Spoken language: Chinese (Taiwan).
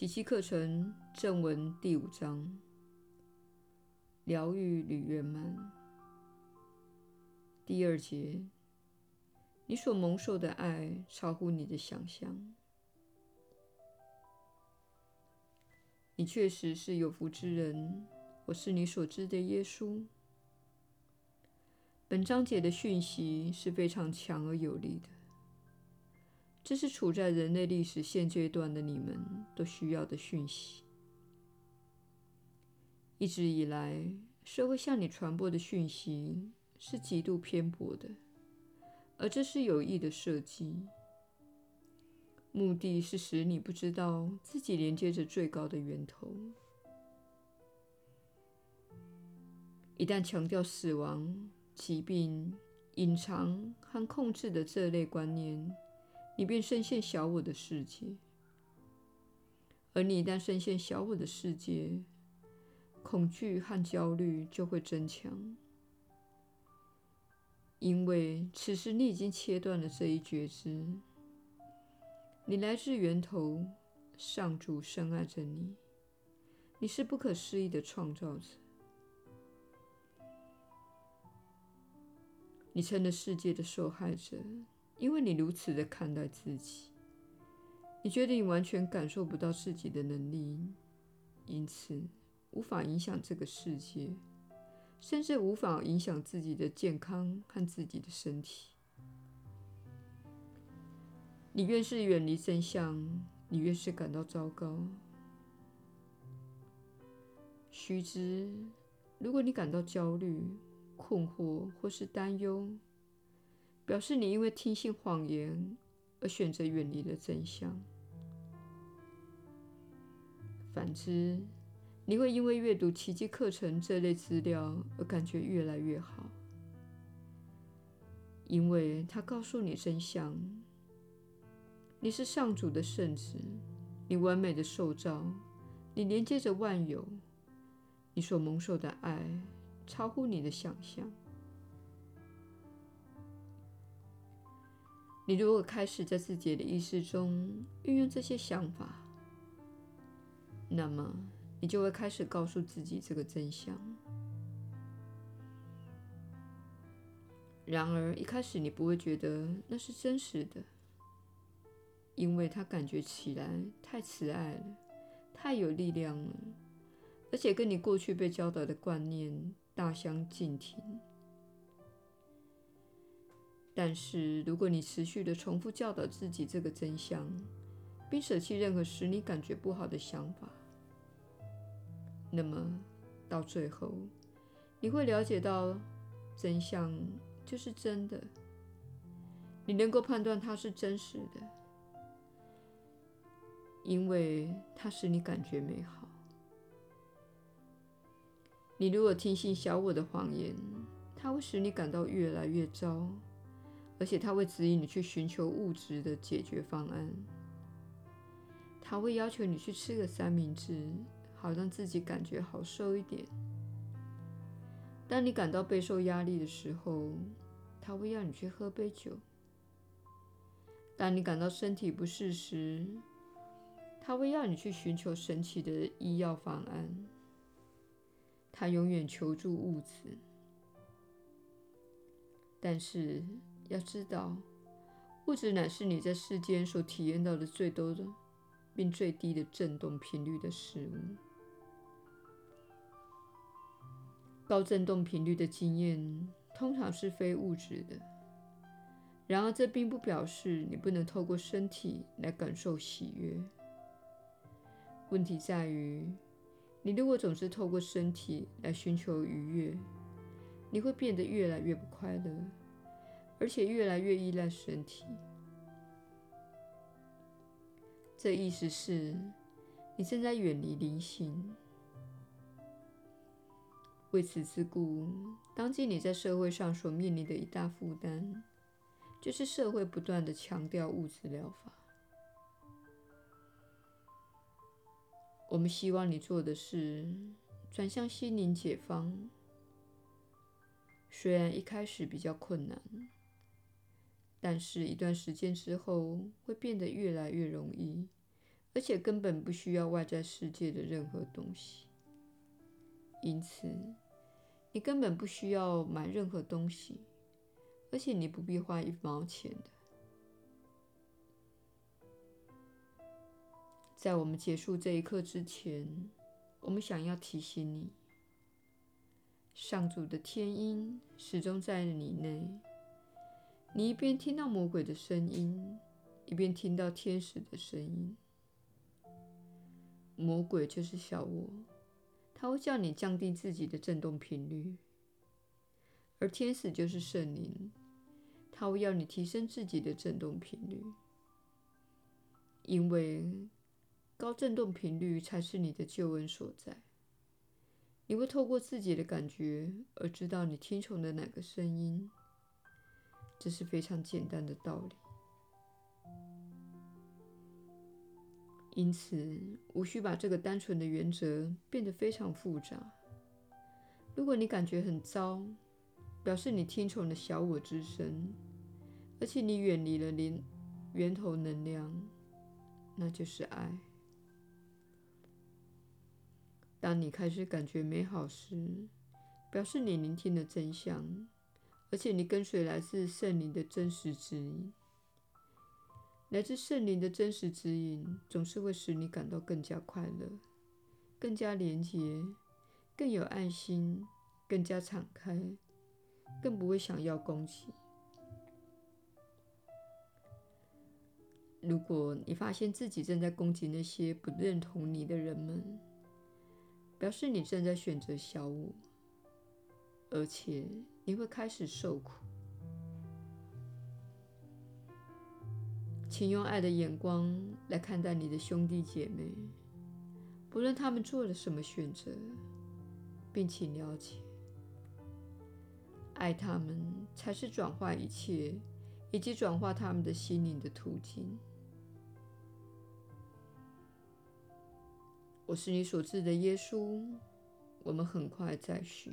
奇蹟課程正文第五章：療癒與圓滿第二節。你所蒙受的愛超乎你的想象，你確實是有福之人。我是你所知的耶穌。本章節的訊息是非常強而有力的。這是處在人類歷史現階段的你們都需要的訊息。一直以來，社會向你傳播的訊息是極度偏頗的，而這是有意的設計，目的是使你不知道自己連接着最高的源頭。一旦強調死亡、疾病、隱藏和控制的這類觀念，你便深陷小我的世界，而你一旦深陷小我的世界，恐懼和焦慮就會增強，因為此時你已經切斷了這一覺知。你來自源頭，上主深愛着你，你是不可思議的創造者，你成了世界的受害者。因為你如此的看待自己，你覺得你完全感受不到自己的能力，因此無法影響這個世界，甚至無法影響自己的健康和自己的身體。你越是遠離真相，你越是感到糟糕。須知，如果你感到焦慮、困惑或是擔憂，表示你因為聽信謊言而選擇遠離了真相。反之，你會因為閱讀奇蹟課程這類資料而感覺越來越好，因為它告訴你真相：你是上主的聖子，你完美的受造，你連接着萬有，你所蒙受的愛超乎你的想象。你如果開始在自己的意識中運用這些想法，那麼你就會開始告訴自己這個真相。然而，一開始你不會覺得那是真實的，因為它感覺起來太慈愛了，太有力量了，而且跟你過去被教導的觀念大相徑庭。但是，如果你持續地重複教導自己這個真相，並捨棄任何使你感覺不好的想法，那麼到最後，你會了解到真相就是真的。你能夠判斷它是真實的，因為它使你感覺美好。你如果聽信小我的謊言，它會使你感到越來越糟。而且他會指引你去尋求物質的解決方案。他會要求你去吃個三明治，好讓自己感覺好受一點。當你感到備受壓力的時候，他會要你去喝杯酒。當你感到身體不適時，他會要你去尋求神奇的醫藥方案。他永遠求助物質，但是，要知道，物質乃是你在世間所體驗到的最多的，並最低的振動頻率的事物。高振動頻率的經驗通常是非物質的。然而，這並不表示你不能透過身體來感受喜悅。問題在於，你如果總是透過身體來尋求愉悅，你會變得越來越不快樂。而且越來越依賴身體，這意思是，你正在遠離靈性。為此之故，當今你在社會上所面臨的一大負擔，就是社會不斷地強調物質療法。我們希望你做的是轉向心靈解方，雖然一開始比較困難。但是，一段時間之後，會變得越來越容易，而且根本不需要外在世界的任何東西。因此，你根本不需要買任何東西，而且你不必花一毛錢的。在我們結束這一課之前，我們想要提醒你：上主的天音始終在你內。你一邊聽到魔鬼的聲音，一邊聽到天使的聲音。魔鬼就是小我，他會叫你降低自己的振動頻率；而天使就是聖靈，他會要你提升自己的振動頻率。因為高振動頻率才是你的救恩所在。你會透過自己的感覺而知道你聽從了哪個聲音。這是非常簡單的道理，因此無需把這個單純的原則變得非常複雜。如果你感覺很糟，表示你聽從了小我之聲，而且你遠離了靈源頭能量，那就是愛。當你開始感覺美好時，表示你聆聽了真相。而且，你跟隨來自聖靈的真實指引，來自聖靈的真實指引，總是會使你感到更加快樂、更加連結、更有愛心、更加敞開，更不會想要攻擊。如果你發現自己正在攻擊那些不認同你的人們，表示你正在選擇小我，而且，你會開始受苦。請用愛的眼光來看待你的兄弟姐妹，不論他們做了什麼選擇，並請了解，愛他們才是轉化一切以及轉化他們的心靈的途徑。我是你所知的耶穌，我們很快再續。